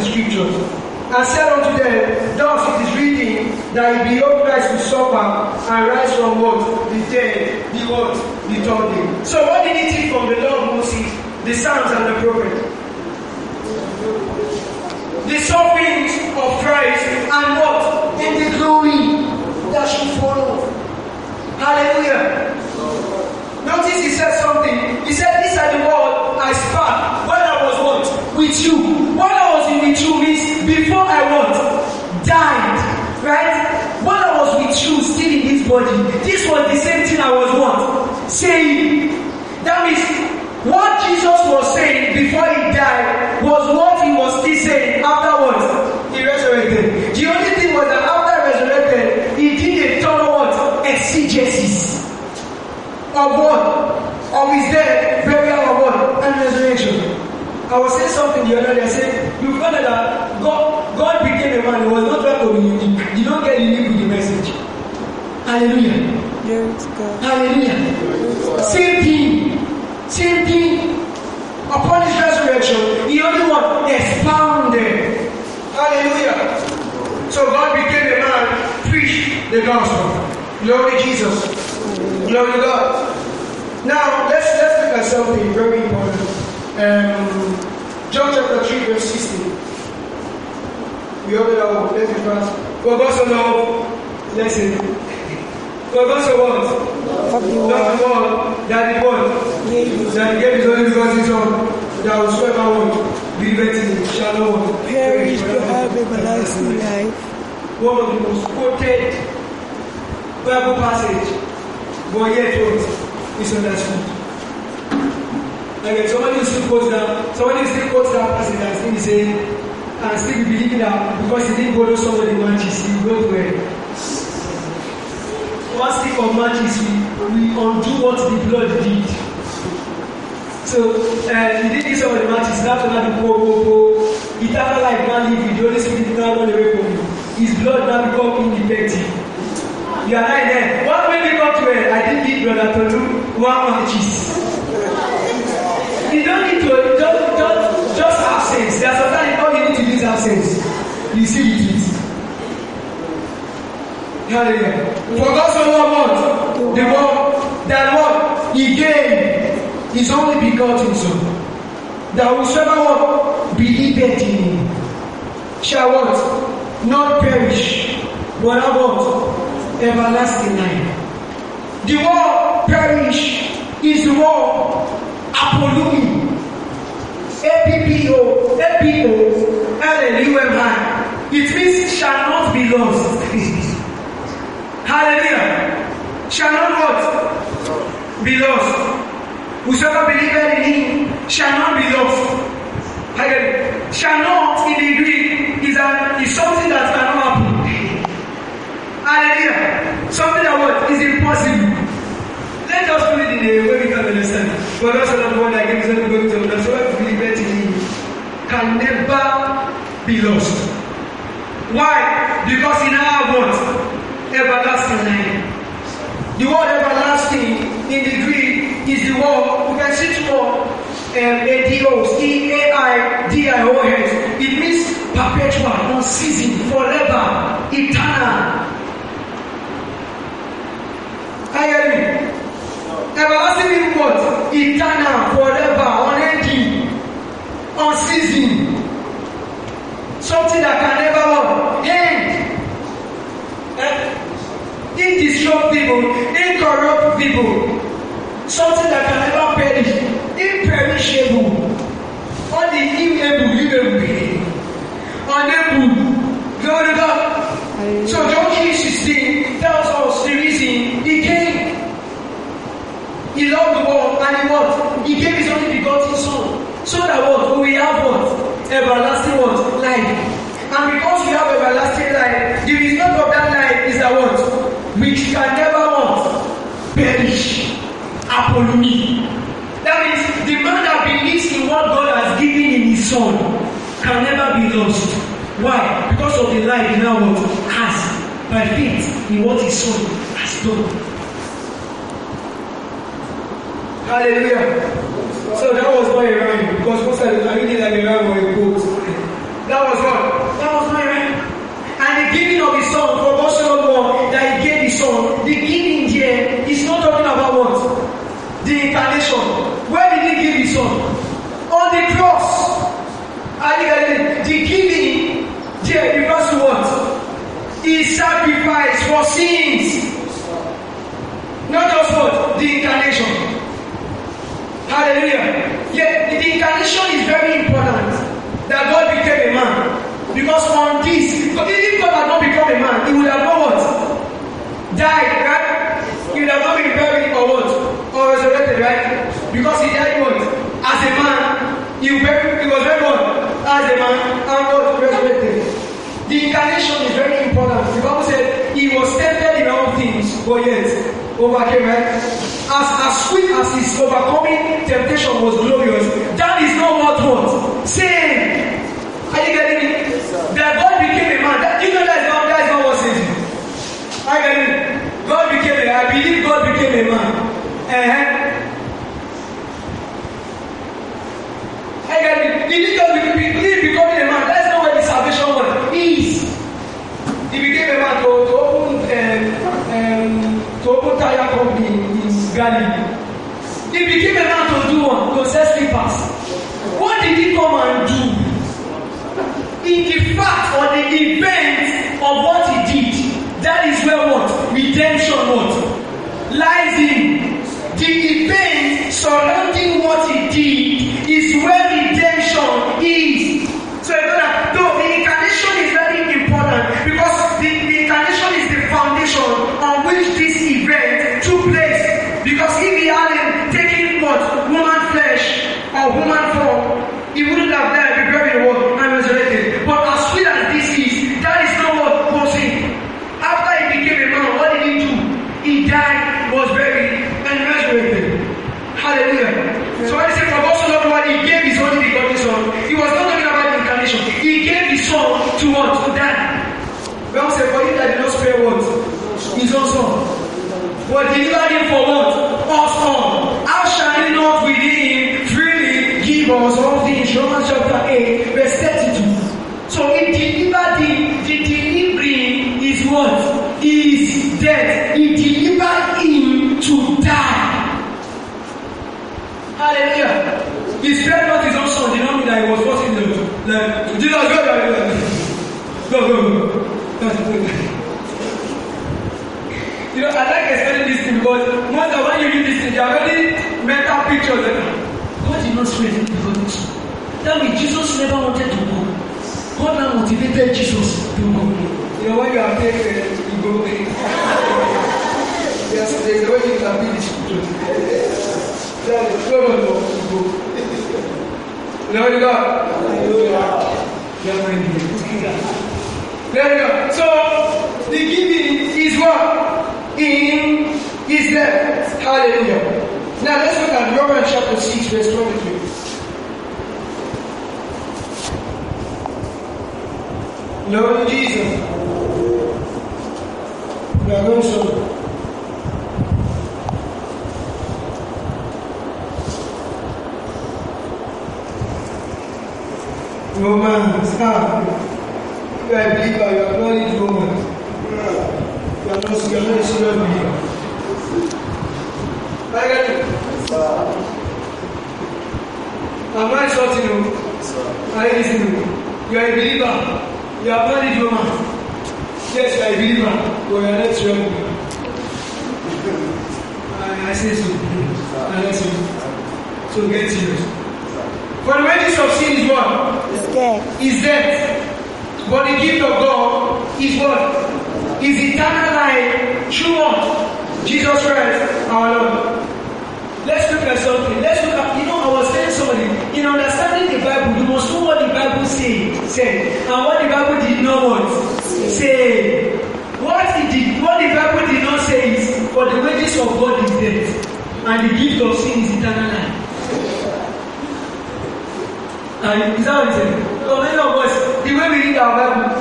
the scriptures and said unto them, Thus it is written that he behold Christ will suffer and rise from what? The dead, the what? The third day. So what did he teach from the Lord Moses, the Psalms and the prophets? The sufferings of Christ and what? In the glory that should follow. Hallelujah. Notice he said something. He said, These are the words I spoke when I was what? With you. with means before I what? Died. Right? While I was with you, still in this body, this was the same thing I was what? Saying. That means what Jesus was saying before he died was what he was still saying afterwards. He resurrected. The only thing was that after resurrected, he did a thorough what? Exegesis. Of what? Of his death. I was saying something the other day. I said, you found that God, God became a man. He was not trying to be unique. You don't get unique with the message. Hallelujah. Glory to God. Hallelujah. Same thing. Same thing. Upon his resurrection, the only one expounded. Hallelujah. So God became a man, preached the gospel. Glory Jesus. Glory God. Now let's let's look at something very important. Um, John chapter 3, verse 16. We all know let me pass. For God so loved, listen. For God so what? Not the one that he won, that he gave his only begotten son, that whosoever wants, believeth in him, shall not perish but have everlasting life. One of the most quoted Bible passage, but yet what is understood. Like if somebody still quotes that, somebody still quotes that person and still be saying, and still be believing that because he didn't go borrow somebody one cheese, he went well. One stick of matches, we, we undo what the blood did. So, uh, he didn't of the matches, that's when I do go, go, go. like life now live with the Holy Spirit now run away from you. His blood now become ineffective. You are right eh? there. What made me come to it? I didn't give Brother Tolu one matches. You don't need to just just just have sense. There's sometimes all you need to do is have sense. You see with it is. You For God so love what? The world that what He gave His only begotten Son. That whosoever what believeth in Him shall what not perish, but have what everlasting life. The world perish is the world apolumi A-P-O, l e, u It means shall not be lost. Hallelujah. Shall not what? Be lost. Whosoever believeth in him shall not be lost. Hallelujah. Shall not in the Greek is, an, is something that cannot happen. Hallelujah. Something that what is impossible. Let us put it in a way we can understand. God us not one that gives us we go to understand can never be lost. Why? Because in our what? Everlasting life. The word everlasting in the Greek is the word, we can see it for um, a d o S E a i d i o s It means perpetual, unceasing, forever, eternal. I hear you. Everlasting means what? Eternal, forever, unending, unceasing something that can never want, end. Eh? Indestructible, incorruptible, something that can never perish, imperishable, all the inable, inable, unable, glory God. So John 3.16 tells us the reason he came. He loved the world and he what? He gave his only begotten son. So that what? We have what? Everlasting everlasting life. The result of that life is that what? Which can never want perish. Apolumi. That is, the man that believes in what God has given in his son can never be lost. Why? Because of the life he now what? has by faith in what his son has done. Hallelujah. So that was not a rhyme because most of the time I did like a rhyme or a quote. That was what salvation. Where did he give his son? On the cross. And the giving, the reverse His sacrifice for sins. Not just what? The incarnation. Hallelujah. Yeah, the incarnation is very important. That God became a man. Because on this, if God had not become a man, he would have not what? Died, right? He would have not been because he died once as a man he, very, he was very born as a man and was resurrected the incarnation is very important the bible said he was tempted in all things but yet overcame right as as sweet as his overcoming temptation was glorious that is not what what Saying, are you getting me yes, that God became a man that you know that God not that is not what sin is are you getting me God became a I believe God became a man. Uh -huh. water Jacob in, in Galilee. He became a man to do one, to sell slippers. What did he come and do? In the fact or the event of what he did, that is where what? Redemption what? Lies in. The event surrounding hallelujah. His pregnant is also did not mean that he was forcing them. Like, Jesus, go, go, go, go, go, You know, I like explaining this thing because most of when you read this thing, you are already mental pictures. God did not spread it because Tell me, Jesus never wanted to go. God now motivated Jesus to go. You know, when you are there, you go. yes, there's a way you can be this jáde lọ́wọ́ lọ so the giving is what in his death hallelujah now let's look at Romans chapter 6 verse 23 Lord Jesus, we are going Romans, stop! You are a believer, you are bloody Romans. You are not, you are not a serious believer. I get it. Am I shouting you? Are you listening? You are a believer. You are bloody Romans. Yes, you are a believer, but you are not sure. I, I say so. I let you. So get serious. For the wages of sin is what? Is that? But the gift of God is what? Is eternal life through what? Jesus Christ, our Lord. Let's look at something. Let's look at, you know, I was telling somebody, in understanding the Bible, you must know what the Bible say, said and what the Bible did not want, say. What, it did, what the Bible did not say is, for the wages of God is death, and the gift of sin is eternal life. And is that what it is? So many of us, the way we read our Bible,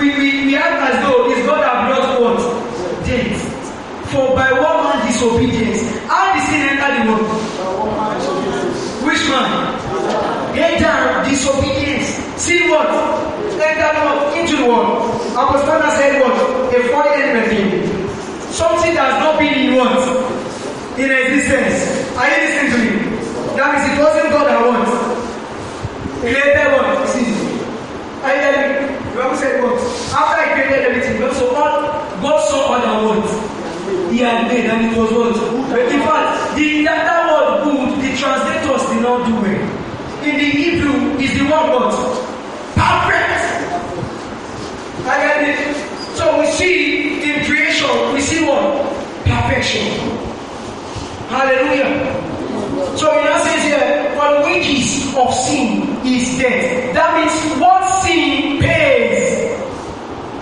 we, we, we act as though it's God that brought what? Death. For by one man disobedience, how did sin enter the world? Which man? Enter disobedience. Sin what? Enter what? Into the world. Apostle Paul said what? A foreign refuge. Something that has not been in what? In existence. Are you listening to me? That is it wasn't God that wants created one is you. I hear you. The Bible said what? After he created everything, God saw all, God saw all the world. He had made and it was what? But in fact, the, that, word good, the translators did not do well. In the Hebrew, is the word what? Perfect. I hear it. So we see in creation, we see what? Perfection. Hallelujah. So it now says here, for the wages of sin is death. That means what sin pays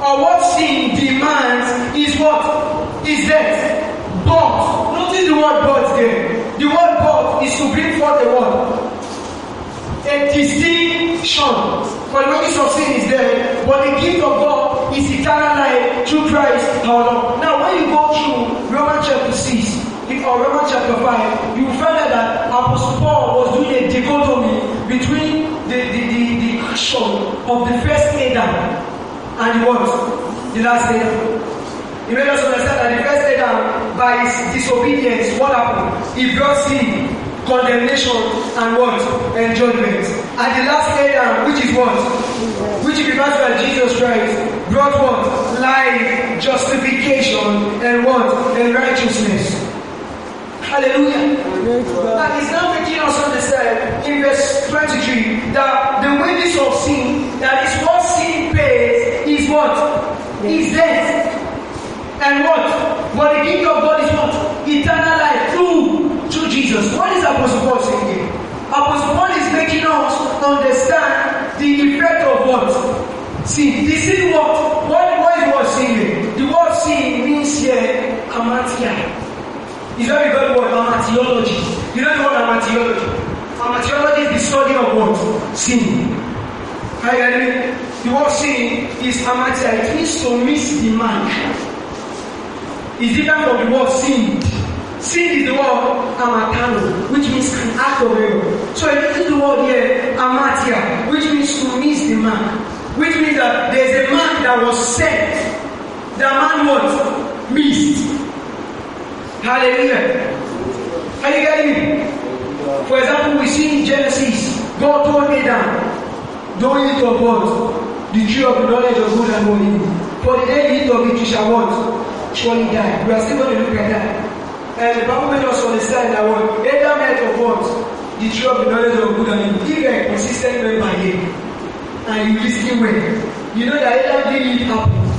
or what sin demands is what? Is death. But, notice the word but there. The word but is to bring forth the word. A distinction. For the wages of sin is death, but the gift of God is eternal life through Christ our Lord. Now, when you go through Romans chapter 6, in Romans chapter 5, you find out that Apostle Paul was doing a dichotomy between the, the, the, the action of the first Adam and what? The last Adam. He made us understand that the first Adam, by his disobedience, what happened? He brought sin, condemnation, and what? And judgment. And the last Adam, which is what? Which refers to as Jesus Christ, brought what? Life, justification, and what? And righteousness. Hallelujah. That is now making us understand in verse 23 that the wages of sin, that is what sin pays, is what? Is death. And what? But the kingdom of God is what? Eternal life through to Jesus. What is Apostle Paul saying here? Apostle Paul is making us understand the effect of what? See, This is what? What, what was sin? The word sin means here, amatia. Is very good word, materiology. You don't know what materiology. Materiology is the study of what? Sin. Are you getting me? The word sin is amateur. It means to miss the mark. It's different from the word sin. Sin is the word amatano, which means an act of error. So I use the word here, amatia, which means to miss the mark. Which means that there's a mark that was set. The man was missed. Hallelujah. Are you getting me? For example, we see in Genesis, God told Adam, don't eat of what? The tree of the knowledge of good and evil. For the day you eat of it, you shall what? Surely die. We are still going to look at that. And the Bible made us understand that what? Adam ate of what? The tree of the knowledge of good and evil. If you are consistent member and you listen well, you know that Adam didn't eat apples.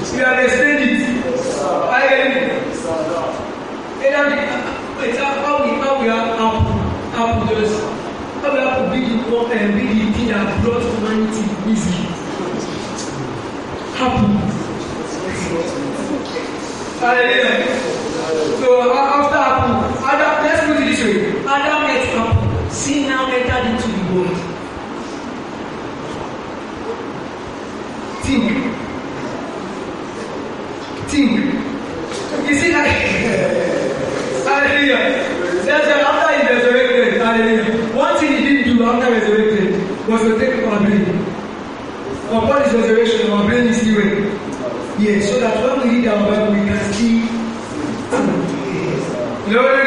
You understand it? I get it. Wait, how we, how we are how up to this. How we have to be the one and be the thing that brought humanity easy. Happy. Hallelujah. So after Apple, Adam, let's put it this way. Adam met Apple. Sin now entered into the world. Think think. You see that? Hallelujah. That's why after he resurrected, hallelujah. One thing he didn't do after resurrection? was to take our brain. Upon his resurrection, our brain is healed. Yes, so that when we read our Bible, we can see. You know what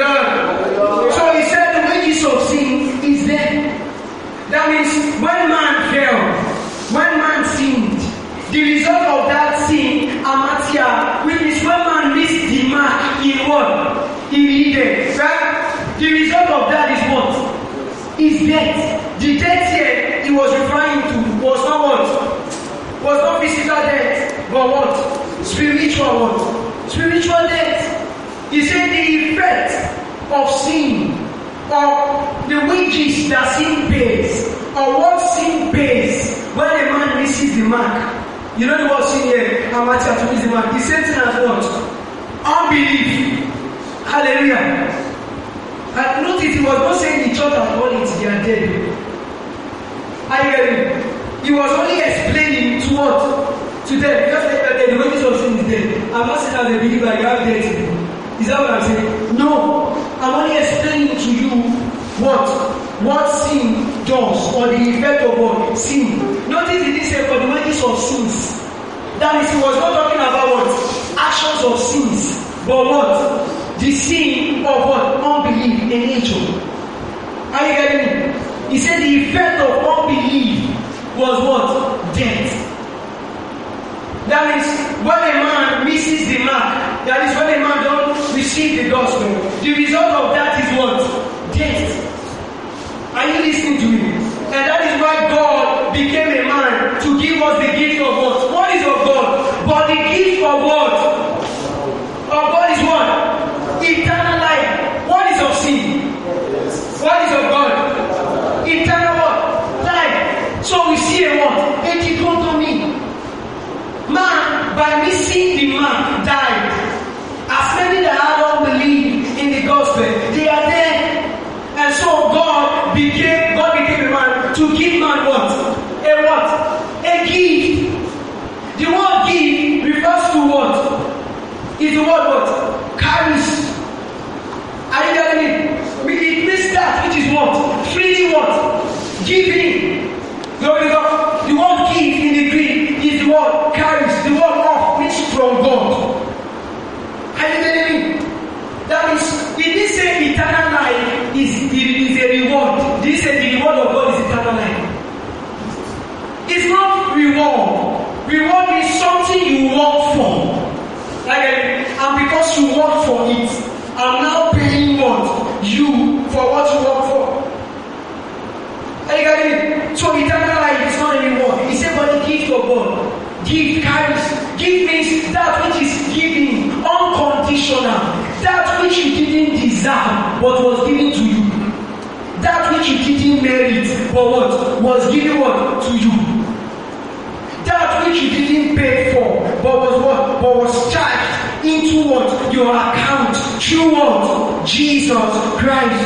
he was referring to was not what? Was not physical death, but what? Spiritual what? Spiritual death. He said the effect of sin, or the wages that sin pays, or what sin pays when a man misses the mark. You know the word sin here, how much you miss the mark. The same thing as what? Unbelief. Hallelujah. I noticed he was not saying the church has fallen into their dead. Are you irony. He was only explaining to what? To them. because like that they notice something today. I'm not saying as a believer you have deity. Is that what I'm saying? No. I'm only explaining to you what? What sin does or the effect of what? Sin. Notice he didn't say for the wages of sins. That is, he was not talking about what? Actions of sins. But what? The sin of what? Unbelief in nature. Are you getting me? He said the effect of unbelief was what? Death. That is when a man misses the mark. That is when a man don't receive the gospel. The result of that is what? Death. Are you listening to me? And that is why God became a man to give us the gift of what? What is of God? But the gift of what? by missing the man died. As many that have not believed in the gospel, they are dead. And so God became God became a man to give man what? A what? A gift. The word give refers to what? Is the word what? Carries. Are you getting me? It means that which is what? Freely what? Giving. Glory to God. of God is eternal life. It's not reward. Reward is something you work for. Like, and because you work for it, I'm now paying what you for what you work for. Are you getting it? So eternal life is not anymore. He said, but the gift of God. Give carries. Give means that which is giving unconditional. That which you didn't deserve, but was given to you. That which you didn't merit, for what? Was given what? To you. That which you didn't pay for, but was what? But was charged into what? Your account. Through what? Jesus Christ.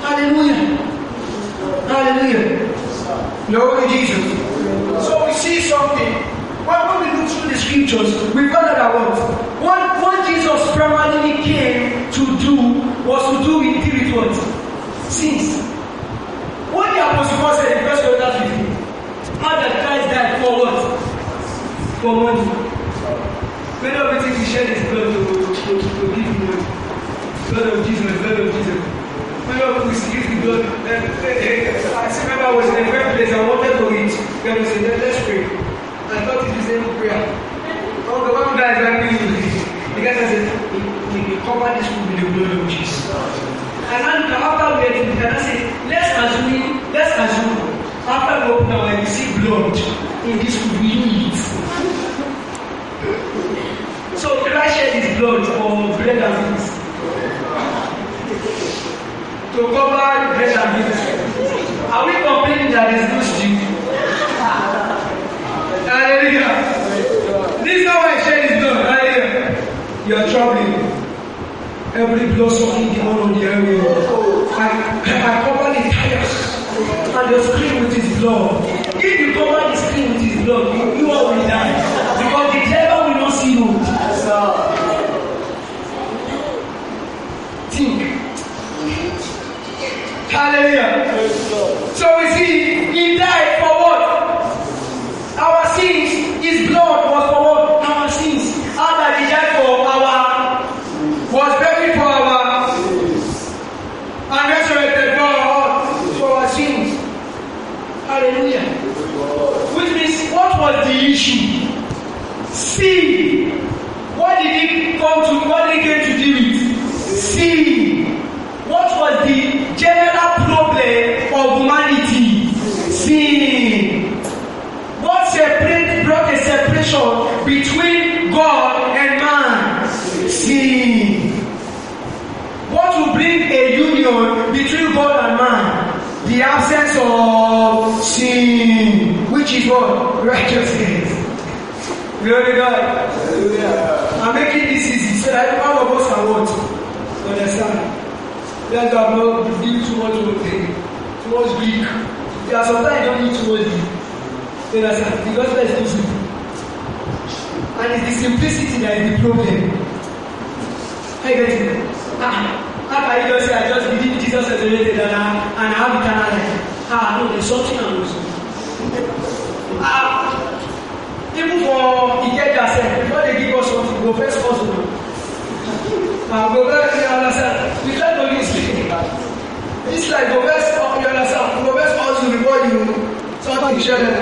Hallelujah. Hallelujah. Glory Jesus. So we see something. Well, when we look through the scriptures, we've got for money. Many of you think share his blood to, to, to give money. Blood of Jesus, blood of Jesus. Many of you see the blood. Eh, eh, eh, I remember I was in a prayer place, I wanted to eat. Then we said, let's pray. I thought it is the same prayer. Oh, the one guy is happy with it. The guy said, we can cover this with the blood of Jesus. And then after we had it, and I said, let's assume, let's assume, after we open our, we see blood in this shed his blood for bread and meat to cover bread and meat are we complaining that there is no stew hallelujah this is how I shed his blood hallelujah you are troubling every blood sucking demon on the area. I I cover the tires and the screen with his blood if you cover the screen with his blood you you all will die. Hallelujah. So we see, he died for sin, which is what? Righteousness. Glory to God. Hallelujah. I'm making this easy so that all of us are what? Understand? Let God not do too much of thing, too much big. There are some sometimes you don't need too much big. Understand? Because let's do simple. And it's the simplicity that is the problem. Are you getting it? Ah, how can you just say, I just believe Jesus resurrected and I, and I have eternal life? Ah, àmì ìdẹ̀sọ́ tí àwọn Ah, even for the that sef before they give us something we go first cause una and we go first you understand we try to be speaking this like go first you understand we go first cause you before you something share them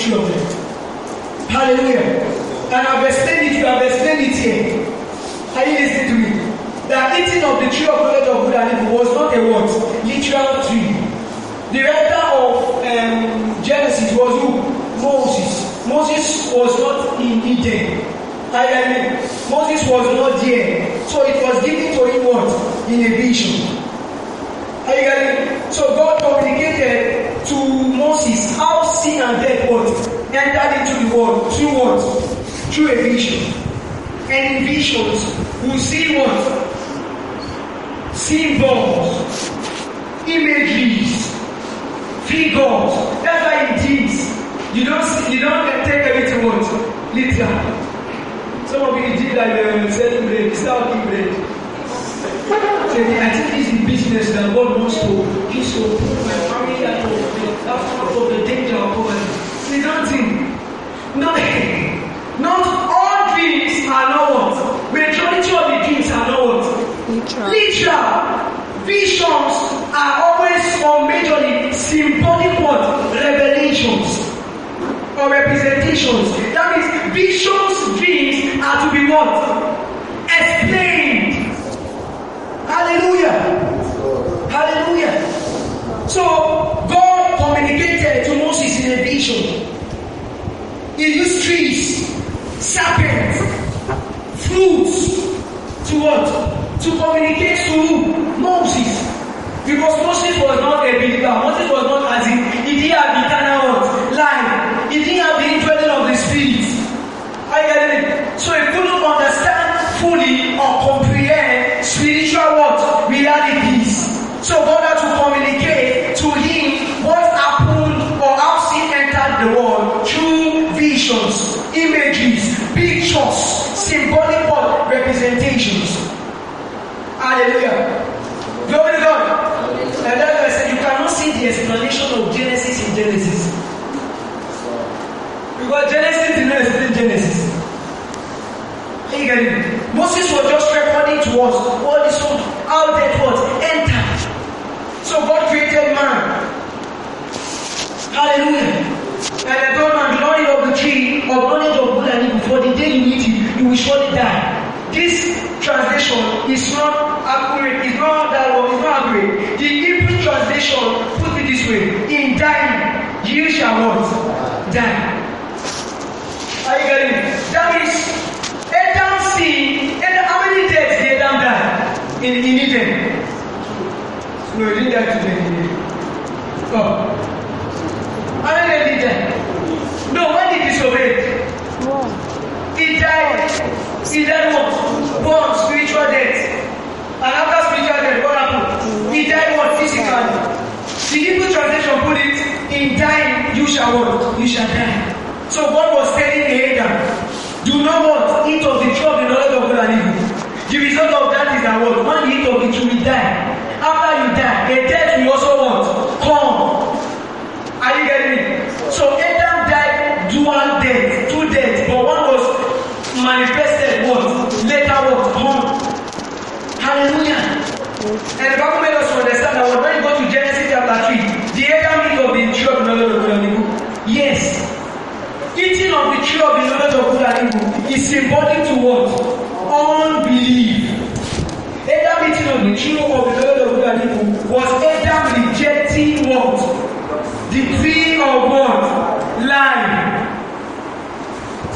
children. Hallelujah. And I've explained it, you have explained it here. Are you listening to me? The eating of the tree of knowledge of good and evil was not a what? Literal tree. The writer of um, Genesis was who? Moses. Moses was not in Eden. I, mean, Moses was not there. So it was given to him what? In a vision. Are you getting So God communicated sin and death what? Entered into the world through what? Through a vision. And in visions, we see what? Symbols, images, figures. That's why it is. You don't see, you don't take everything what? Literal. Some of you did like the uh, selling bread, selling bread. I think it's the business that God wants to put my family at home. That's part of the danger. She don't think. Nothing. Not all dreams are not Majority of the dreams are not Literal. Visions are always or majorly symbolic what? Revelations or representations. That means visions, dreams are to be what? Explained. Hallelujah. Hallelujah. So God communicated to Moses in a vision. They use trees, serpents, fruits to what? To communicate to Moses. Because Moses was not a believer. Moses was not as if he had eternal Moses was just recording to us this food, how that was entered. So God created man. Hallelujah. And the God and glory of the tree of knowledge of good and evil, for the day you eat it, you will surely die. This translation is not accurate, it's not that one, it's not accurate. The Hebrew translation put it this way in dying, you shall not die. Are you getting it? That is in Eden. No, he did that to the Eden. Oh. Why did he die? No, why did he disobey? No. He died. He died what? Born spiritual death. And after spiritual death, what happened? He died what? Physically. The Hebrew translation put it, in dying you shall what? You shall die. So God was telling the Adam, do not want Eat of the tree of the knowledge of good and evil. The result of that is that what? One eat of it, you will die. After you die, a death will also what? Come. Are you getting me? So Adam died dual death, two deaths, but one was manifested what? Later what? Come. Hallelujah. And the Bible made us understand that when you go to Genesis chapter 3, the Adam hit of the tree of knowledge of good and evil. Yes. Eating of the tree of the knowledge of good and evil is symbolic to what? issue of the Lord of Judaism was Adam rejecting what? The tree of what? Life.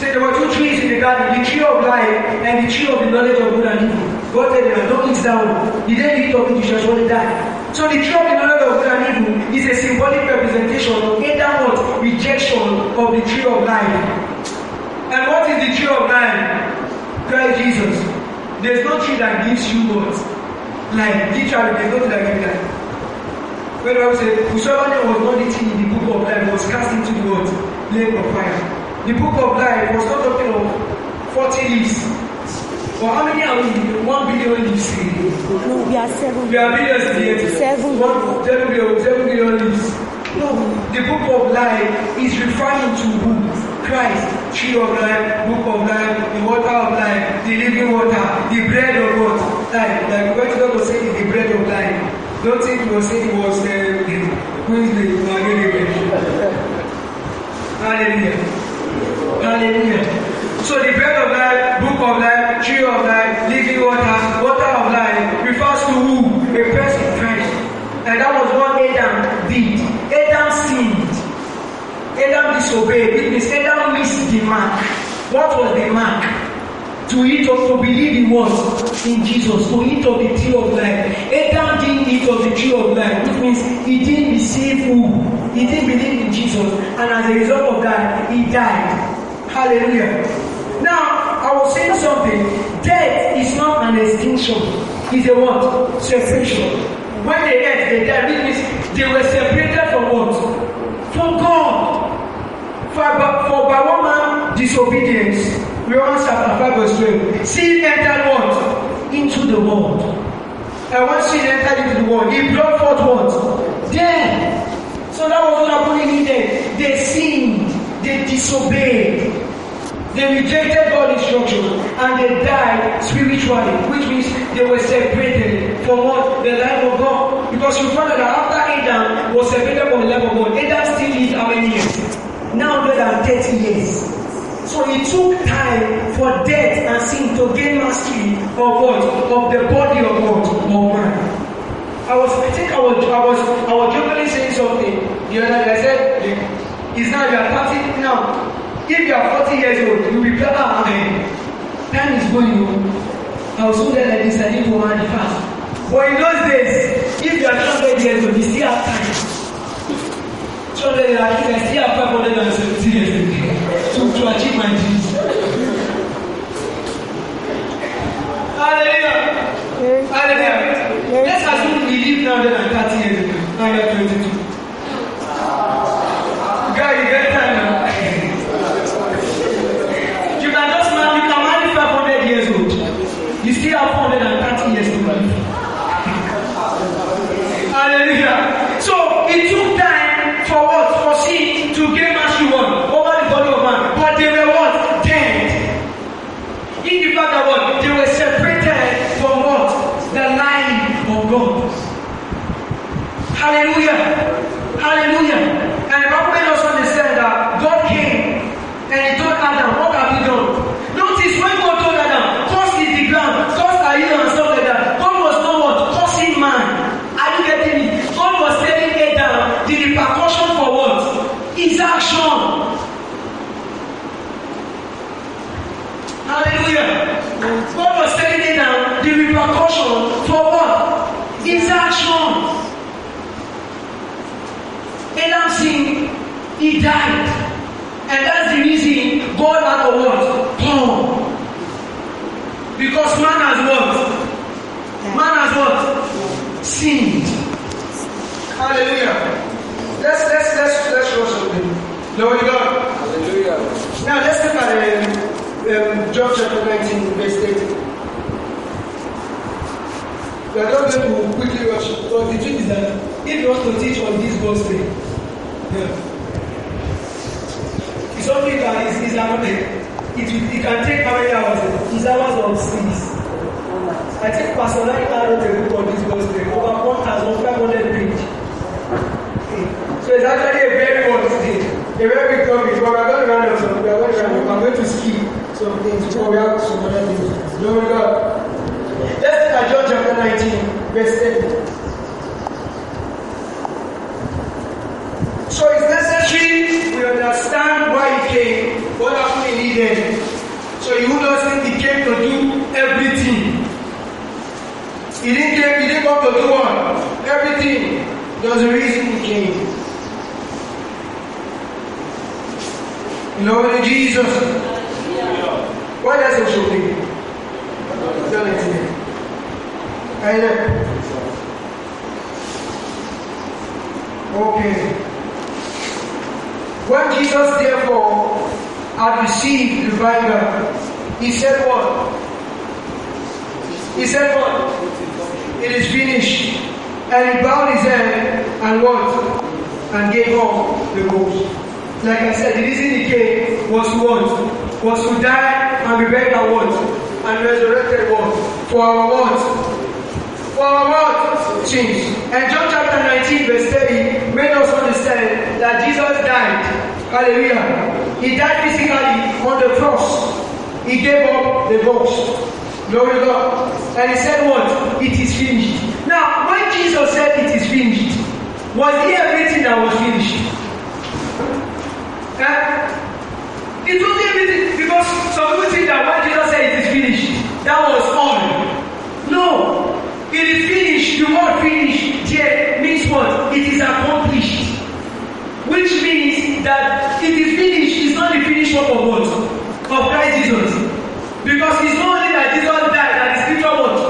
Say so there were two trees in the garden, the tree of life and the tree of the knowledge of good and evil. God said them, don't eat that one. You didn't eat of it, you shall surely die. So the tree of the knowledge of good and evil is a symbolic representation of Adam's rejection of the tree of life. And what is the tree of life? Christ Jesus. There's no tree that gives you what? like literally they don't like you like when I say Ushabane was not eating in the book of life was cast into the world lake of fire the book of life was not talking of 40 leaves for how many are we one billion leaves no we are seven we are billions here seven one seven billion seven billion leaves no the book of life is referring to who Christ tree of life, book of life, the water of life, the living water, the bread of what? Life. Like what God was saying the bread of life. Don't think he was saying it was the uh, who is the Hallelujah. Hallelujah. Hallelujah. So the bread of life, book of life, tree of life, living water, water of life refers to who? A person Christ. And that was what Adam Adam disobeyed. It means Adam missed the mark. What was the mark? To eat of to believe it was in Jesus, to eat of the tree of life. Adam didn't eat of the tree of life, which means he didn't receive who, He didn't believe in Jesus. And as a result of that, he died. Hallelujah. Now, I was saying something. Death is not an extinction. It's a what? Separation. When they died, they died. It means they were separated from what? for by woman disobedience, we chapter 5 verse 12, sin entered what? Into the world. And once sin entered into the world, he brought forth what? Death. So that was what happened in Eden. They sinned, they disobeyed, they rejected God's instruction and they died spiritually, which means they were separated from what? The life of God. Because you find that after Adam was separated from the life of God, Adam still lived how many years? Now more than 930 years. So it took time for death and sin to gain mastery of what? Of the body of God, of man. I was, I think I was, I was, I was jokingly saying something the other day. I said, it's now you are 30 now. If you are 40 years old, you will be better. Time is going on. I was told that I need to manifest. But in those days, if you are 200 years old, you still have time. So they are, you can see after 470 years to, to achieve my dreams. Hallelujah. Hallelujah. Let's assume we live now than 30 years ago. Now you 22. Hallelujah. Hallelujah. And the Bible made us understand that God came and he told Adam, What have you done? Notice when God told Adam, Toss is the ground, toss are you and stuff like that. God was not what? cursing man. Are you getting me? God was telling Adam the repercussion for what? His action. Hallelujah. God was telling Adam the repercussion He died. And that's the reason God had a what? Power. Because man has what? Man has what? Sinned. Hallelujah. Let's let's let's let's show something. Glory to God. Hallelujah. Now let's look at um, um, John chapter 19, verse 8. We are not going to quickly rush, but the truth is that if you want to teach on this gospel, yeah something that is Islamic, it, it can take how many hours? It's hours of six. I think Pastor Laika wrote a book on this gospel, over 1,500 pages. So it's actually a very good thing, a very topic, but we are going to run out of we are going to run out. I'm going to skip some things, before we have some other things. Glory God. Let's look at John chapter nineteen, verse 10. Jesus. Why does it show me? Tell it to me. Amen. Okay. When Jesus therefore had received the Bible, he said what? He said what? It is finished. And he bowed his head and what? And gave up the ghost. Like I said, the reason the King was once, was to die and be buried at once, and resurrected once, for our what, For our what change. And John chapter 19, verse 30 made us understand that Jesus died. Hallelujah. He died physically on the cross. He gave up the ghost. Glory to God. And he said what? It is finished. Now, when Jesus said it is finished, was he everything that was finished? Eh? It wasn't them because some people think that when Jesus said it is finished, that was all. No. It is finished. The word finished here means what? It is accomplished. Which means that it is finished is not the finished work of what? Of Christ Jesus. Because it's not only that Jesus died that the scripture what?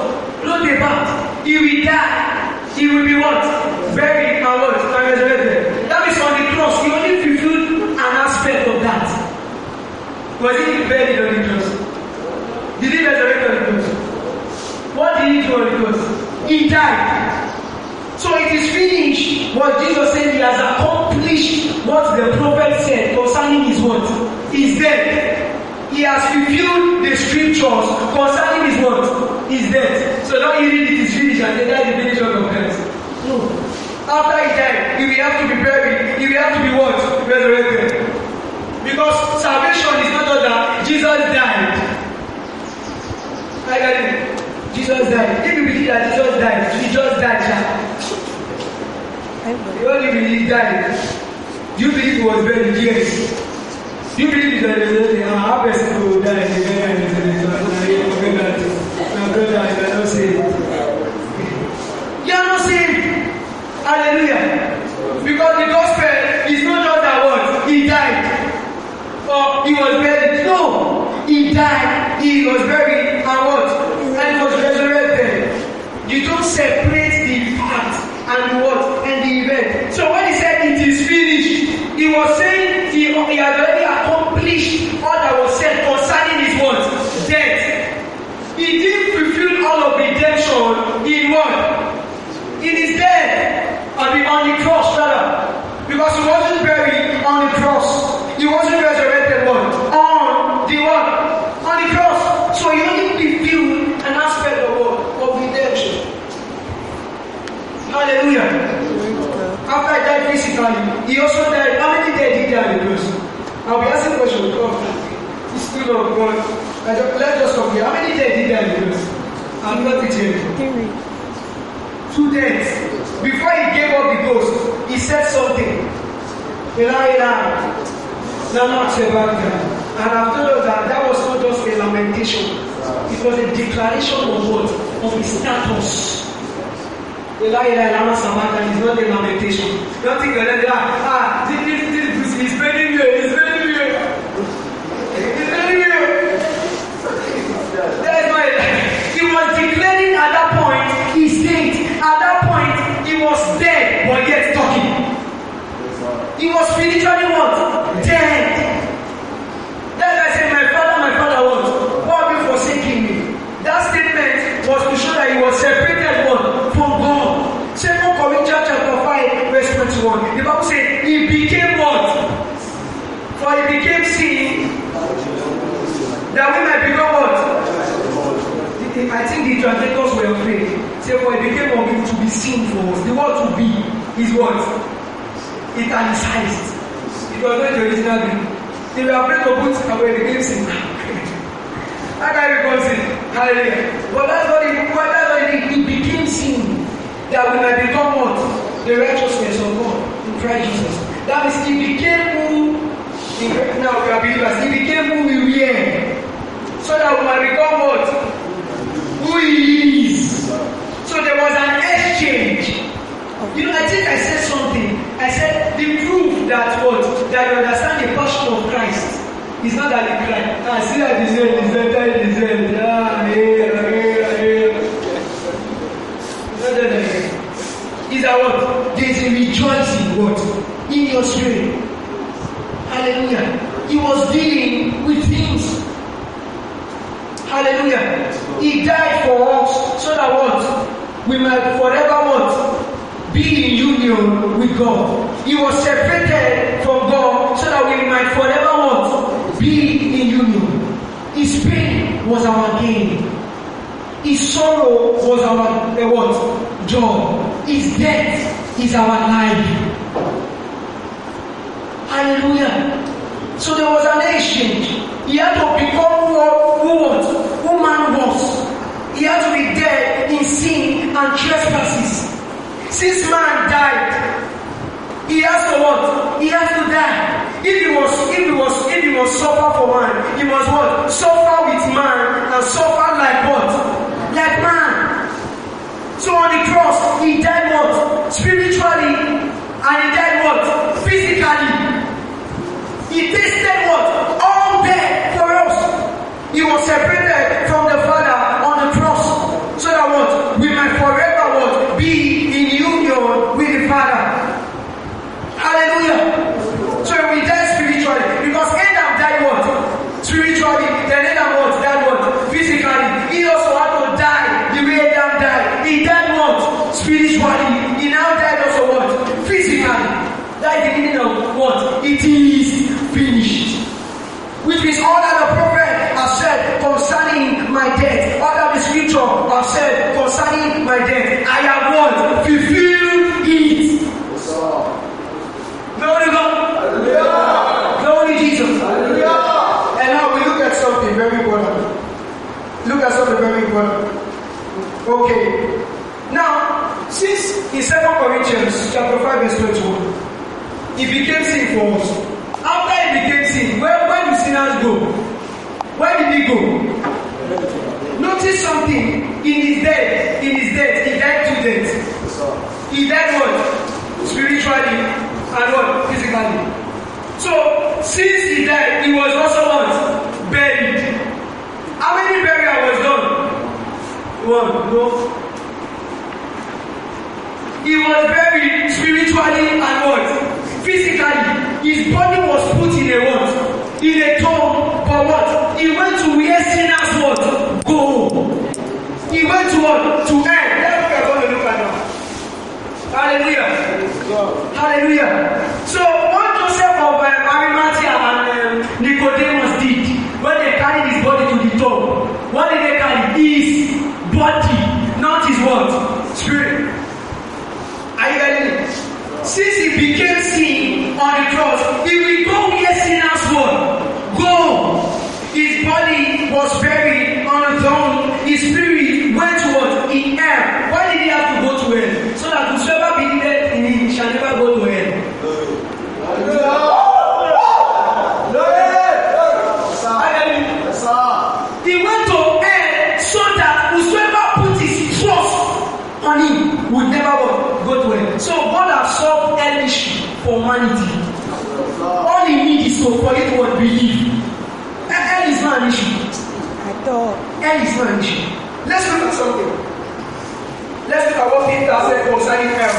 Not about. He will die. He will be what? Buried and what? And resurrected. That means on the cross, Was he buried on the cross? Did he resurrect on the What did he do on the He died. So it is finished. What Jesus said, he has accomplished what the prophet said concerning his word. He's dead. He has fulfilled the scriptures concerning his word. He's dead. So now you read it is finished and then that is the finish of the Christ. No. After he died, he will have to be buried. He will have to be what? Resurrected. Because salvation is not that Jesus died. I get it. Jesus died. If you believe that Jesus died, he just died. Yeah. You only believe he died. Do You believe he was buried? Yes. You believe he was buried? How person will die? Hallelujah. He was dealing with things. Hallelujah. He died for us so that what? We might forever want Be in union with God. He was separated from God so that we might forever want Be in union. His pain was our gain. His sorrow was our uh, what? Joy. His death is our life. Hallelujah. So there was an exchange. He had to become who, who was, who man was. He had to be dead in sin and trespasses. Since man died, he has to what? He has to die. If he was, if he was, if he must suffer for man, he must what? Suffer with man and suffer like what? Like man. So on the cross, he died what? Spiritually, and he died what? He tasted what? All death for us. He was separated from the Father on the cross. So that what? We might forever what? Be in union with the Father. Hallelujah. So we die spiritually. Because Adam died what? Spiritually. Then Adam what? Died what? Physically. He also had to die the way Adam died. He died what? Spiritually. all that the prophet has said concerning my death, all that the scripture has said concerning my death, I have what? Fulfilled it. Glory God. Hallelujah. Glory Jesus. Hallelujah. And now we look at something very important. Look at something very important. Okay. Now, since in 2 Corinthians chapter 5 verse 21, it became sin for us. sinners go? Where did he go? Notice something in his death. In his death, he died two days. He died what? Spiritually and what? Physically. So since he died, he was also what? Buried. How many burial was done? One, no. He was buried spiritually and what? Physically. His body was put in a what? in a tomb, for what? He went to where sinners what? Go He went to what? To end. Hallelujah. Hallelujah. So what Joseph of uh, Arimathea and um, Nicodemus did when they carried different. Let's look at something. Let's look at what Peter said concerning hell.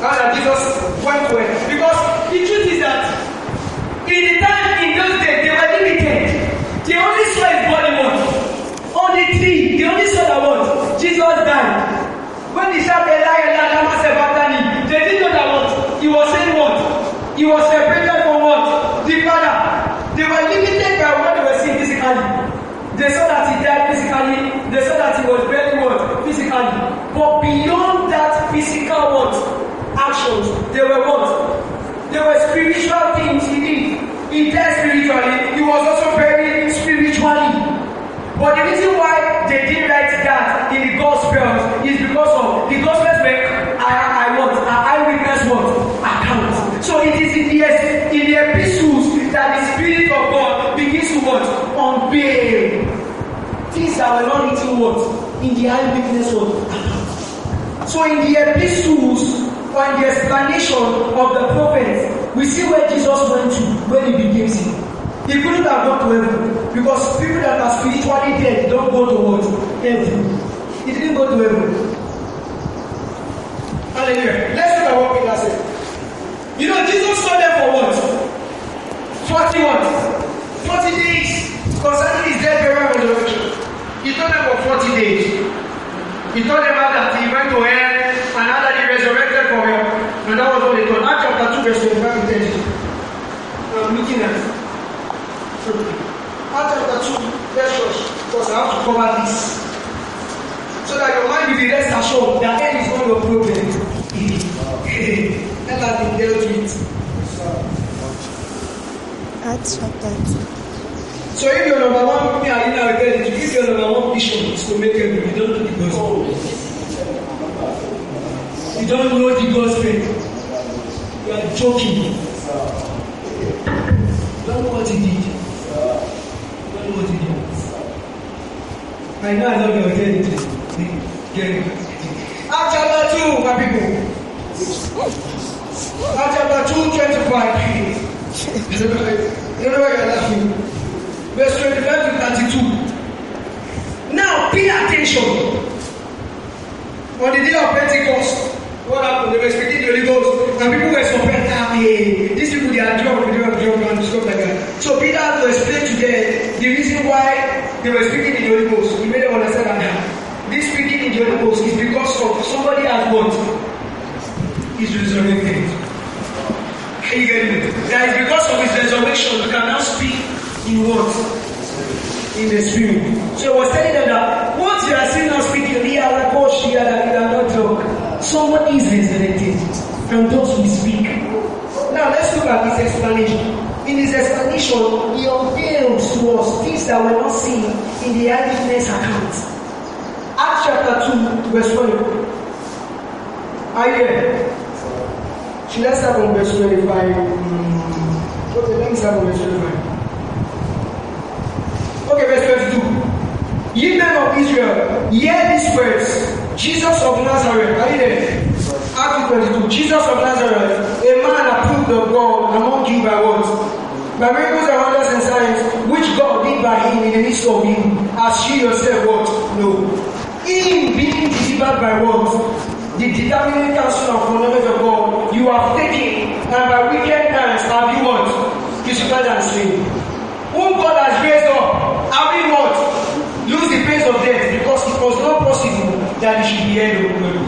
Now that Jesus went away. Because the truth is that in the time in those days they were limited. They only saw his body once. on the tree. They only saw that once. Jesus died. When he shouted, Eli, Eli, Lama, Sebatani, they didn't know that once. He was saying what? He was saying They said that he was very what? Physically. But beyond that physical what? Actions, they were what? They were spiritual things he did. He died spiritually, he was also very spiritually. But the reason why they didn't write that in the gospel is because of the Gospels make I, I want, I witness what? Account. So it is in the, in the epistles that the Spirit of God begins to what? Unveil our eating what? In the high eyewitness what? So in the epistles on the explanation of the prophets, we see where Jesus went to when he became sick. He couldn't have gone to heaven because people that are spiritually dead don't go to what? Heaven. He didn't go to heaven. Hallelujah. Let's look at what Peter said. You know, Jesus saw them for what? 40 what? 40 days concerning his death, burial, and resurrection. He taught them for 40 days. He told them that he went to hell and that he resurrected from hell. And that was what he told. Acts chapter 2, verse 25 to 30. I'm looking at it. Acts chapter 2, verse 25. Because I have to cover this. So that your mind will be rest assured that hell is not your problem. Let us be dealt with. Acts chapter 2. So if you're number one, me, I didn't have a say number one vision is to make heaven. You don't know the gospel. You don't know the gospel. You are joking. You don't know what he did. You don't know what he did. I know I love your identity. Get it. Acts chapter 2, my people. Acts chapter 2, 25. you know why you're laughing? Verse 25 to 32. Pay attention. On the day of Pentecost, what happened? They were speaking the Holy Ghost, and people were surprised. Ah, hey, these people they are drunk, they are drunk, and stuff like that. So Peter had to explain to them the reason why they were speaking in the Holy Ghost. We made them understand that this speaking in the Holy Ghost is because of somebody has what his resurrection. Are you getting me? That is because of his resurrection, you can now speak in words in the spirit. So he was telling them that what you are seeing us speaking, the are like, oh, she are not Someone is resurrected from those we speak. Now let's look at this explanation. In his explanation, he unveiled to us things that were not seen in the eyewitness account. Acts chapter 2, verse 20. Are you there? Should I start from verse 25? Hmm. Okay, let me start from verse 25. Okay, verse 22. Ye men of Israel, hear these words. Jesus of Nazareth, are you there? Article 22. Jesus of Nazareth, a man approved of God among you by words, By miracles and wonders and signs, which God did by him in the midst of you, as you yourself what? No. In being delivered by what? the determining counsel of the knowledge of God you have taken and by wicked hands have you what? Crucified and slain whom God has raised up, every not lose the pains of death, because it was not possible that he should be held unknown.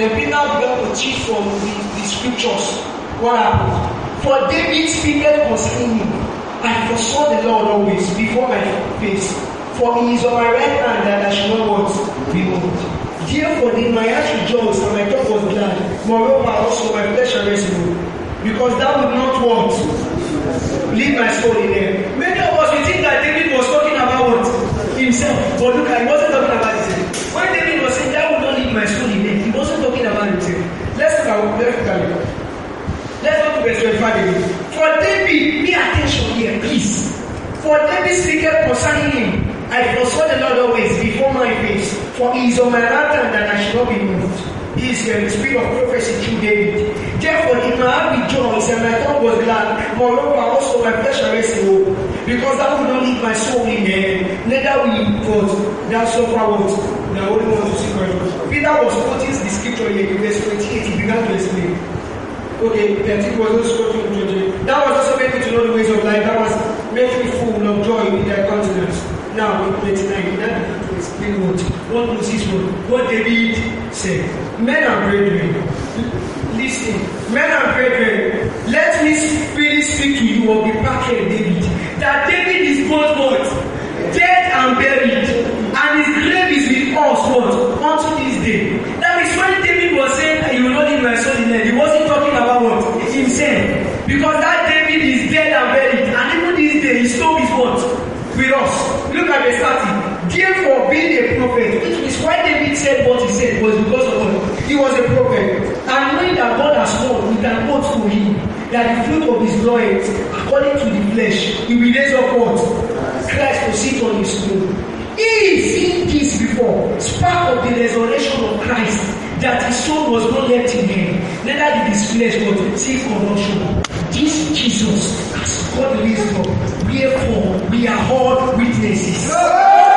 Then we now begin to teach from the, the scriptures what happened. For David speaketh concerning me, I foresaw the Lord always before my face. For he is on my right hand that I should not want be moved. Therefore did my heart rejoice and my thought was glad. Moreover also my flesh shall rest Because thou would not want leave my soul in there. Many of us, we think that David was talking about what? Himself. But look, he wasn't talking about himself. When David was saying, "I will not leave my soul in there, he wasn't talking about himself. Let's look at let's look at it. Let's go to verse 25 again. For David, pay attention here, please. For David speaketh concerning him, I foresaw the Lord always before my face, for he is on my right hand that I should not be moved. He is the spirit of prophecy through David. Therefore, in my heart rejoiced, and my tongue was glad. Moreover, also my flesh rest hope, oh, because that will not leave my soul in hell, neither will God that suffer what the only One to see God. Peter was quoting the scripture here, verse 28. He began to explain. Okay, that 13 was also quoting 28. That was also meant to know the ways of life. That was made me full of joy in their countenance. Now, in 29, that is what, what Moses wrote, what David said men of brethren, listen, men of brethren, let me really speak to you of the packet David. That David is both what? Dead and buried, and his grave is with us what? Unto this day. That is when David was saying that you will not leave my son in there, he wasn't talking about what? It's insane Because that David is dead and buried, and even this day his soul is what? With us. Look at the starting. Therefore, being a prophet, which is why David said what he said was He was a prophet. And knowing that God has sworn, we can vote to him. That the fruit of his loins, according to the flesh, he will raise up what? Christ will sit on his throne. He is in this before, spark of the resurrection of Christ, that his soul was not left in him, neither did his flesh but see corruption. This Jesus has God raised up. Therefore, we are all witnesses. Yeah.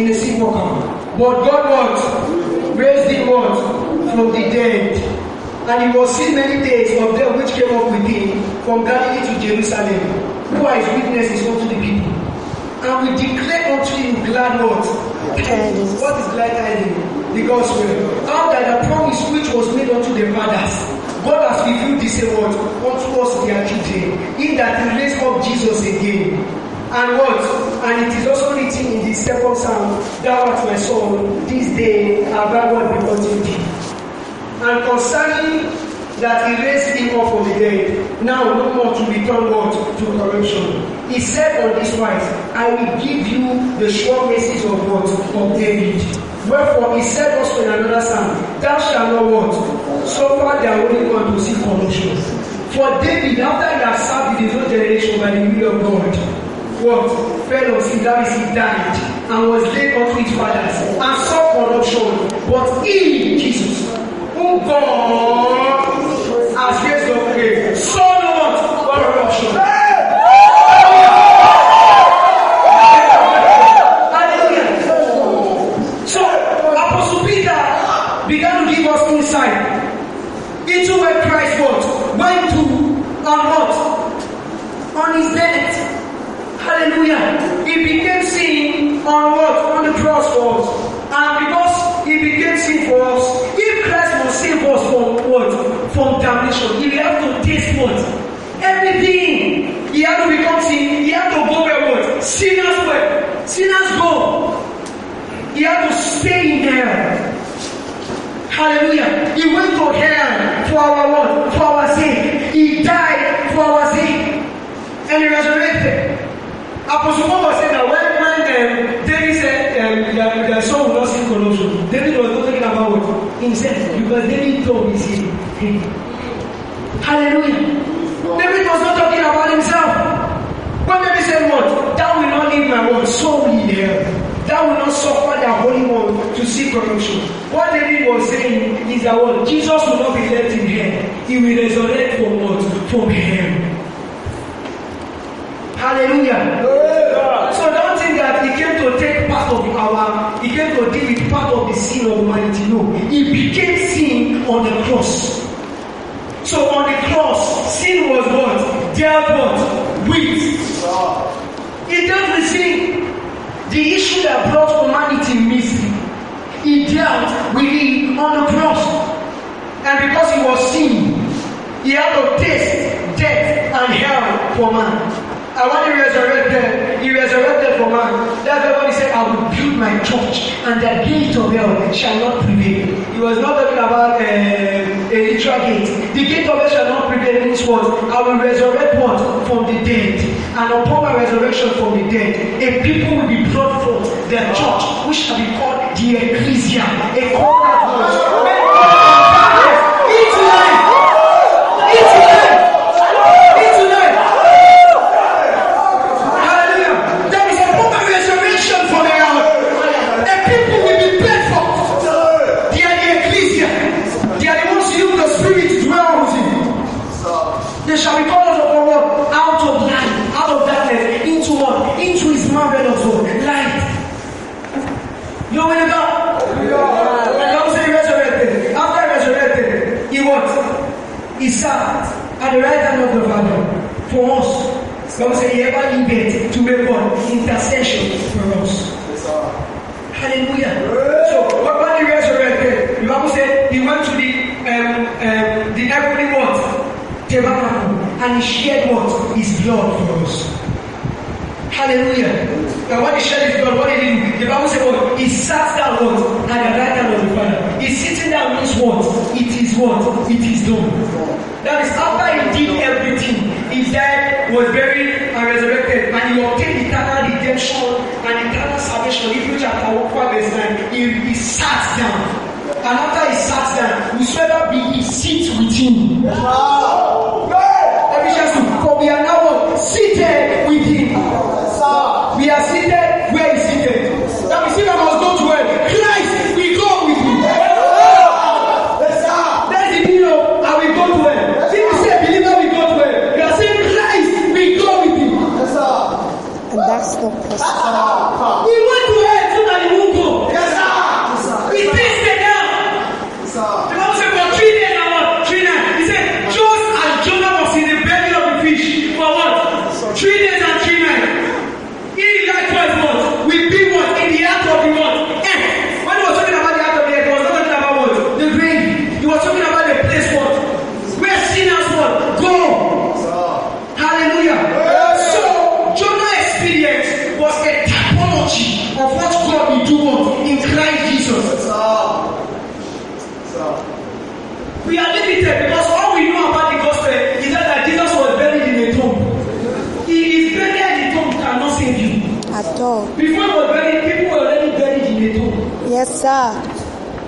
in a single camp. But God what? Raised him what? From the dead. And he was seen many days of them which came up with him from Galilee to Jerusalem, who are his witnesses unto the people. And we declare unto you glad what? What is glad tidings? The gospel. How that the promise which was made unto the fathers, God has revealed this word unto us their children, in that he raised up Jesus again. And what? and it is also written in the second psalm, Thou art my soul; this day have I not begotten thee. And concerning that he raised him up from the dead, now no more to return God to corruption. He said on this wise, I will give you the sure message of God of David. Wherefore he said also in another psalm, Thou shalt not what? Suffer thy only one to see corruption. For David, after he had served his own generation by the will of God, what fell on Sidaris, he died and was laid unto his fathers and saw corruption. But he, Jesus, whom God has raised up again, saw not corruption. So Apostle Peter began to give us insight into where Christ was, went to and Hallelujah. He became sin on what? On the cross for us. And because he became sin for us, if Christ will save us from what? From damnation, he will have to taste what? Everything. He had to become sin. He had to go where what? Sinners where? Sinners go. He had to stay in hell. Hallelujah. He went to hell for our what? For our sin. He died for our sin. And he resurrected. Apostle Paul was saying that when, when um, David said um, their, their son would not see corruption, David was not talking about what? Himself. Because David told his him. Hallelujah. David was not talking about himself. When David said what? That will not leave my word, so will he That will not suffer their holy one to see corruption. What David was saying is that what? Jesus will not be left in hell. He will resurrect from what? From hell. Hallelujah. So don't think that he came to take part of our, he came to deal with part of the sin of humanity. No, he became sin on the cross. So on the cross, sin was what? Dealt what? With. He dealt with sin. The issue that brought humanity missing. he dealt with it on the cross. And because he was sin, he had to taste death and hell for man. And when he resurrected, he resurrected for man. That's why when he said, I will build my church, and the gate of hell shall not prevail. He was not talking about uh, a literal gate. The gate of hell shall not prevail in this world. I will resurrect what? From the dead. And upon my resurrection from the dead, a people will be brought forth, their church, which shall be called the Ecclesia, a call that whatsoever you get to make one intercession for us. Hallelujah. Yes. So, when he resurrected, the Bible said he went to the um, um, the heavenly what? Tabernacle. And he shared what? His blood for us. Hallelujah. Now when he shared his blood, what did he do? The Bible said what? He sat down what? At the right hand of the Father. He's sitting down means what? It is what? It is done. That is after he did everything. His dad was very. and resurrected, and he obtained eternal redemption and eternal salvation. If Hebrew chapter 1, verse 9. He, he sat down. And after he sat down, whosoever be, he sits with him. Wow.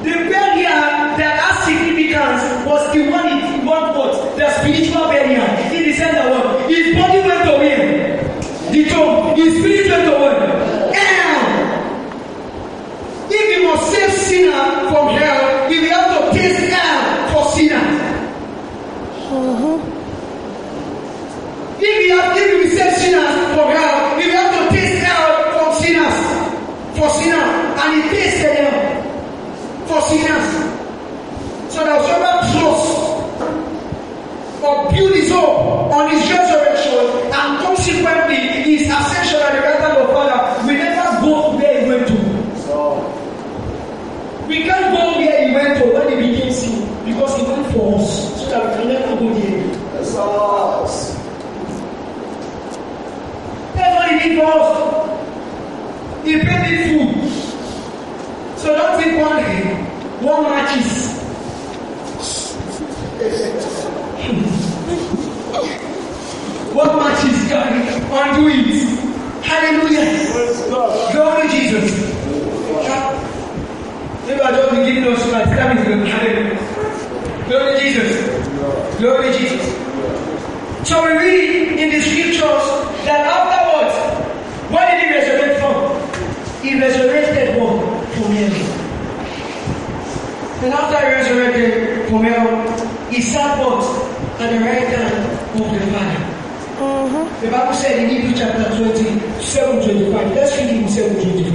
The barrier that has significance was the one in one what? The spiritual barrier. He descended the world. His body went away. The tomb. His spirit went away. Hell. If he must save sinner from hell, if you have to taste hell for sinners. Uh -huh. If he have if you save sinners from hell, if you have to taste hell for sinners, for sinners, and he tasted them for sinners so that whoever trusts or build his hope on his resurrection and consequently his ascension at the right hand of Father we never go where he went to. So, we can't go where he went to when he became sin because he went for us so that we can never go there. So, That's what he did for us. He paid me food. So don't think one day one matches. one matches God and do it. Hallelujah. Glory Jesus. If I don't begin those words, that is to Hallelujah. Glory Jesus. Glory Jesus. So we read in the scriptures that afterwards, what did he resurrect from? He resurrected one from heaven. And after he resurrected from heaven, he sat at the right hand of the Father. Mm-hmm. The Bible said in Hebrews chapter 20, 7 25. Let's read Hebrews 7 25.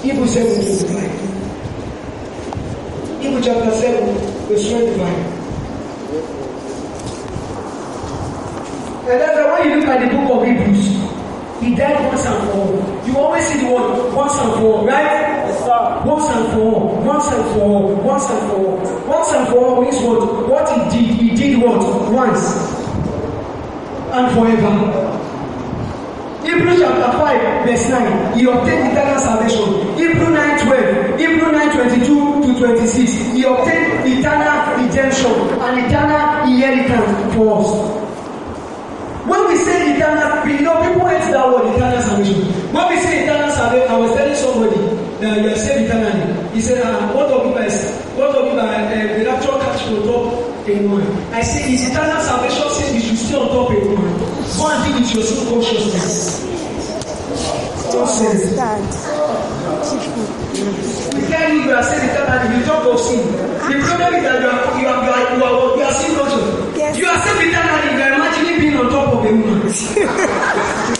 Hebrews 7 25. Hebrews chapter 7, verse 25. And that's why you look at the book of Hebrews. He died once and for all. You always see the word once and for all, right? Yes, sir. Once and for all, once and for all, once and for all. Once and for all means what? What he did, he did what? Once and forever. Hebrews chapter 5, verse 9. He obtained eternal salvation. Hebrew 9 12, Hebrew 9 22 to 26. He obtained eternal redemption and eternal inheritance for us. When we say eternal, you know, people hate that word, eternal salvation. When we say eternal salvation, I was telling somebody that uh, you are saved eternally. He said, ah, what of people, what of people, uh, the rapture catch on top a woman. I say, is eternal salvation saying you should stay on top a woman? Go and deal with your soul consciousness. Nonsense. You can't live, you are saved eternally, you talk of sin. The problem is that you are, you are, you are, you are, you are sin conscious. You are saved eternally, you are 照顾给我们。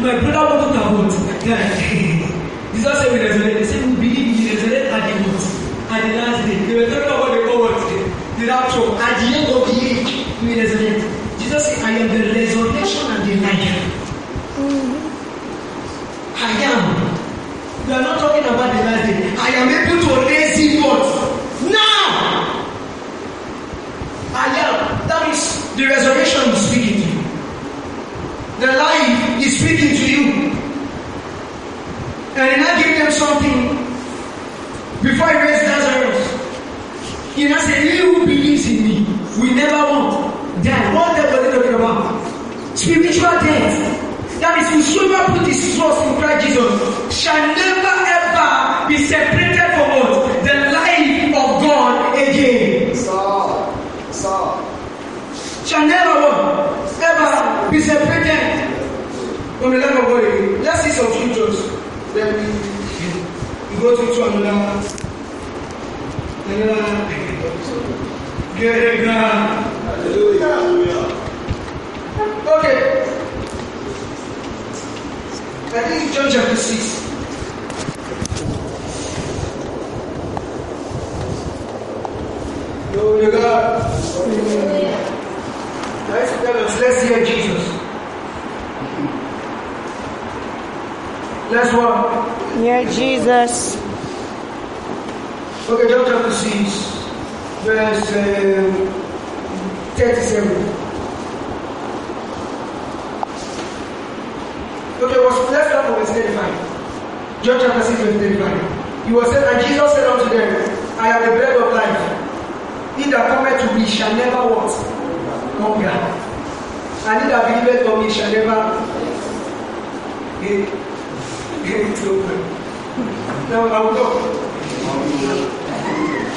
Like. Nicolas, Nella Grega. Hallelujah. Okay. I think John chapter 6. Glory Let's, let's hear Jesus. Last one. Near Jesus. Look at John chapter 6, verse um, 37. Okay, was, let's start from verse 35. John chapter 6, verse 35. He was said, and Jesus said unto them, I am the bread of life. He that cometh to me shall never want hunger. And he that believeth on me shall never get, get it open. Now I will go.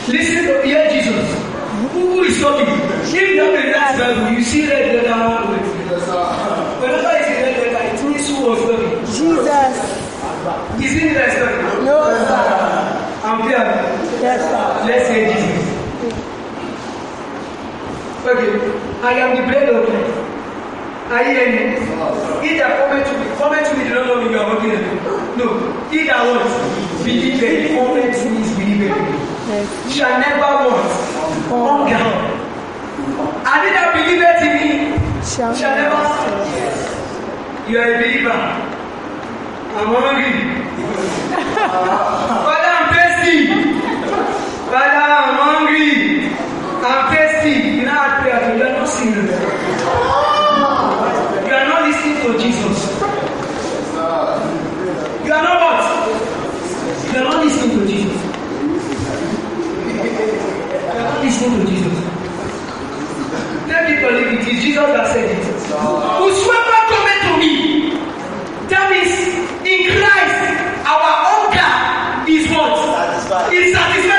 Listen to hear Jesus. Who is talking? If that is that Bible, you see that red letter Whenever I see red letter, it means who was talking. Jesus. Isn't it that story? No, sir. I'm here. Yes, sir. Let's hear Jesus. Okay. I am the bread of life. Are you hearing me? He that cometh to me, cometh to me, do not know me, you are working at me. No. He that wants, believe it, cometh to me is believing. Yes. Shall never want. Hunger. did not believe that in me shall, shall never want. You are a believer. I'm hungry. Father, I'm thirsty. Father, I'm hungry. I'm thirsty. You know how to pray, you are not singing. You are not listening to Jesus. You are not what? You are not listening to Jesus. Listen to Jesus. Let me believe it is Jesus that said it. Whosoever cometh to me, that is in Christ, our hunger is what? Satisfied. Is satisfied.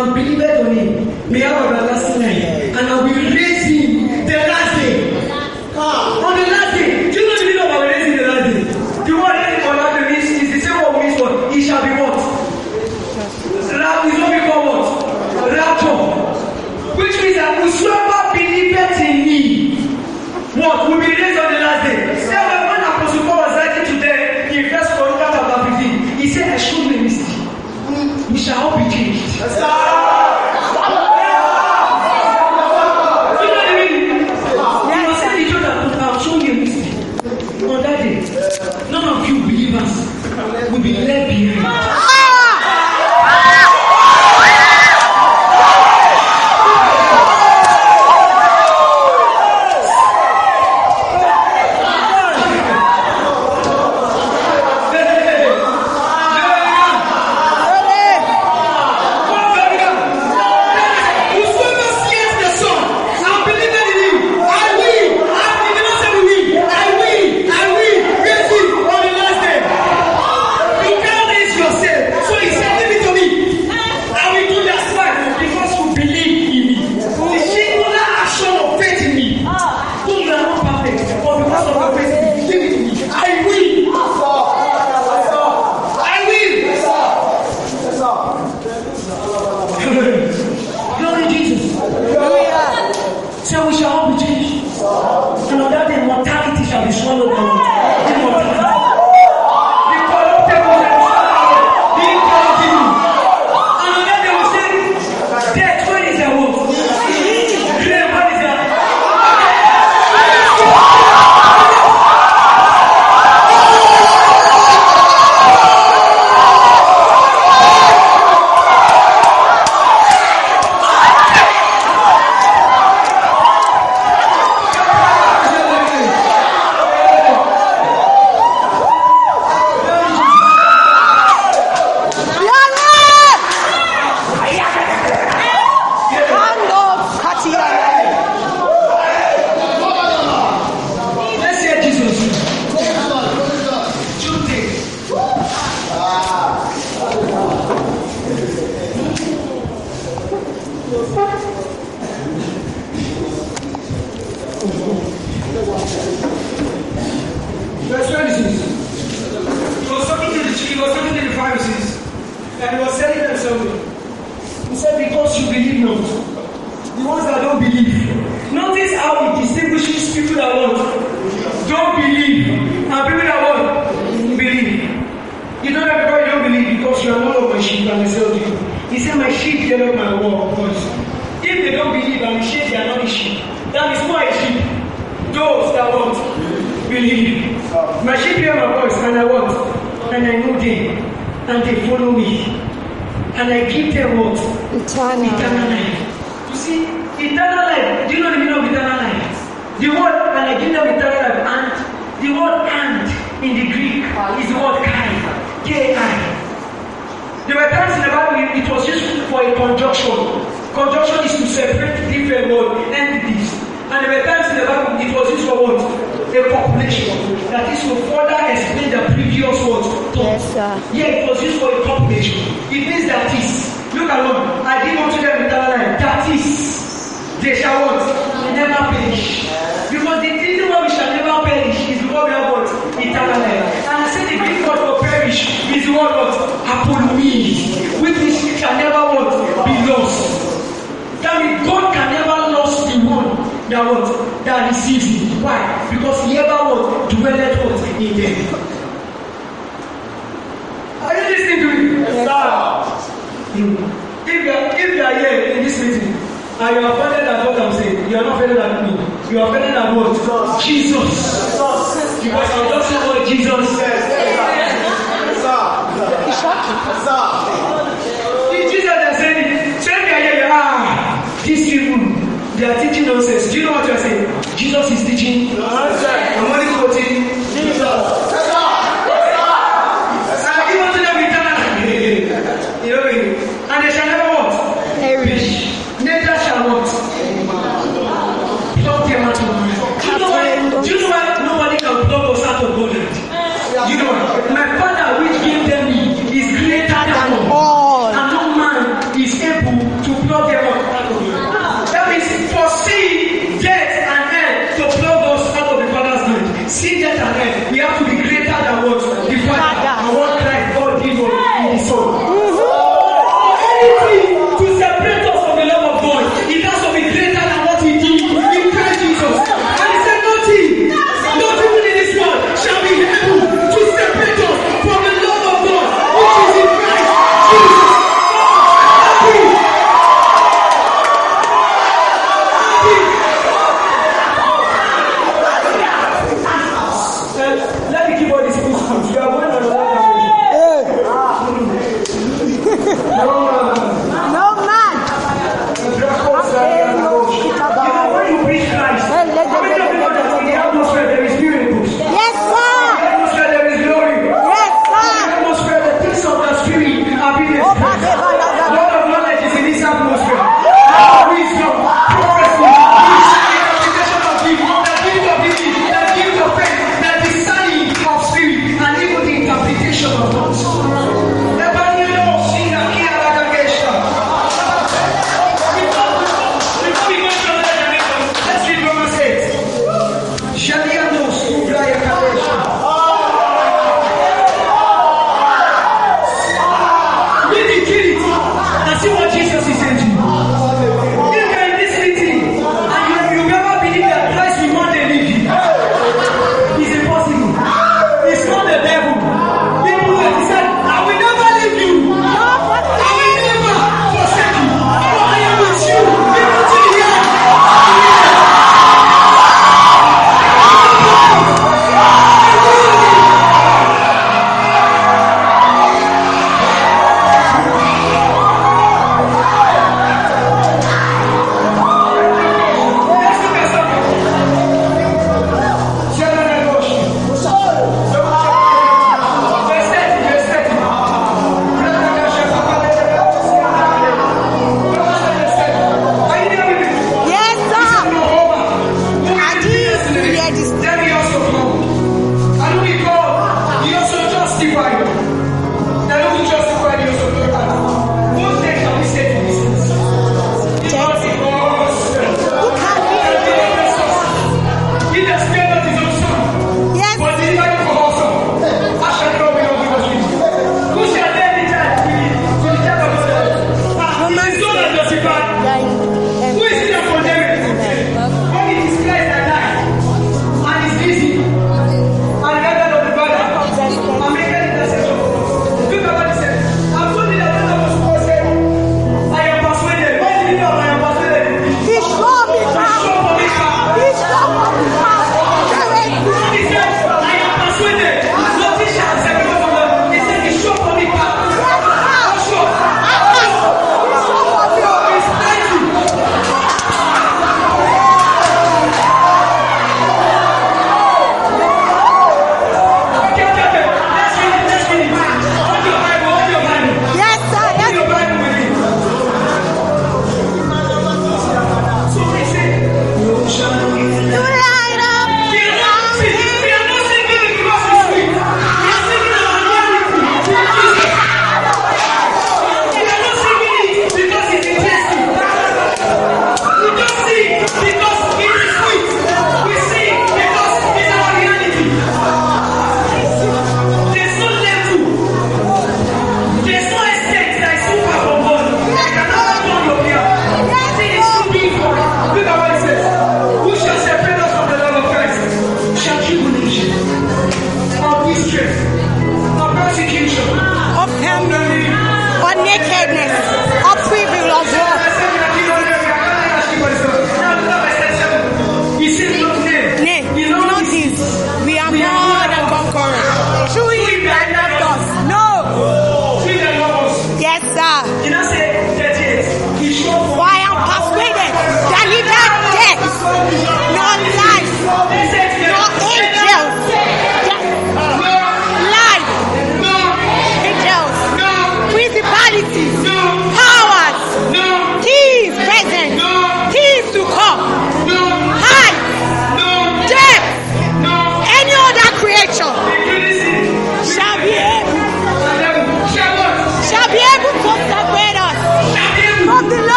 I'm believed on him. May I have everlasting And I'll